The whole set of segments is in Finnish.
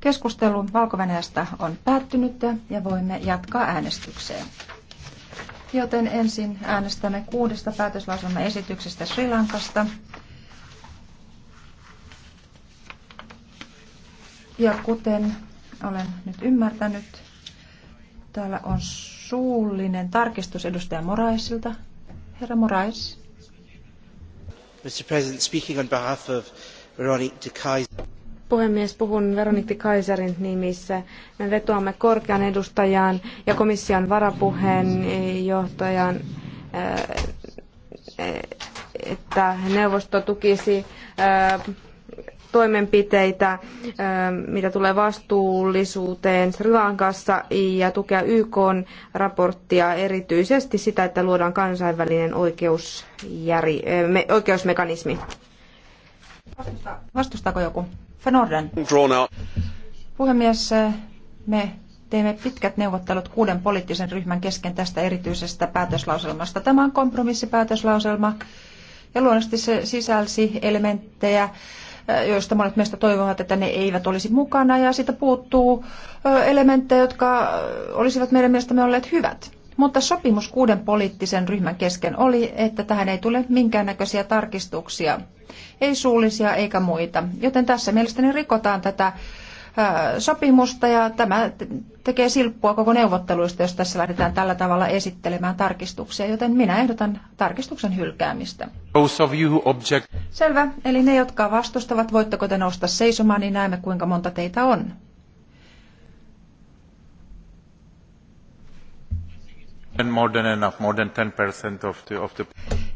Keskustelu valko on päättynyt ja voimme jatkaa äänestykseen. Joten ensin äänestämme kuudesta esityksestä Sri Lankasta. Ja kuten olen nyt ymmärtänyt, täällä on suullinen tarkistus edustaja Moraisilta. Herra Morais. Mr. President, speaking on behalf of Veronique de Kaiser puhemies, puhun Veronikti Kaiserin nimissä. Me vetoamme korkean edustajaan ja komission varapuheenjohtajan, eh, että neuvosto tukisi eh, toimenpiteitä, eh, mitä tulee vastuullisuuteen Sri Lankassa ja tukea YK raporttia erityisesti sitä, että luodaan kansainvälinen oikeusjäri, oikeusmekanismi. Vastustaako joku? Van Orden. Puhemies, me teimme pitkät neuvottelut kuuden poliittisen ryhmän kesken tästä erityisestä päätöslauselmasta. Tämä on kompromissipäätöslauselma ja luonnollisesti se sisälsi elementtejä, joista monet meistä toivovat, että ne eivät olisi mukana ja siitä puuttuu elementtejä, jotka olisivat meidän mielestämme olleet hyvät. Mutta sopimus kuuden poliittisen ryhmän kesken oli, että tähän ei tule minkäännäköisiä tarkistuksia, ei suullisia eikä muita. Joten tässä mielestäni rikotaan tätä äh, sopimusta ja tämä tekee silppua koko neuvotteluista, jos tässä lähdetään tällä tavalla esittelemään tarkistuksia, joten minä ehdotan tarkistuksen hylkäämistä. Selvä, eli ne, jotka vastustavat, voitteko te nousta seisomaan, niin näemme kuinka monta teitä on.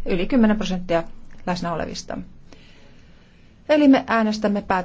yli kymmenen prosenttia läsnä olevista. Eli me äänestämme päätöslauselmasta.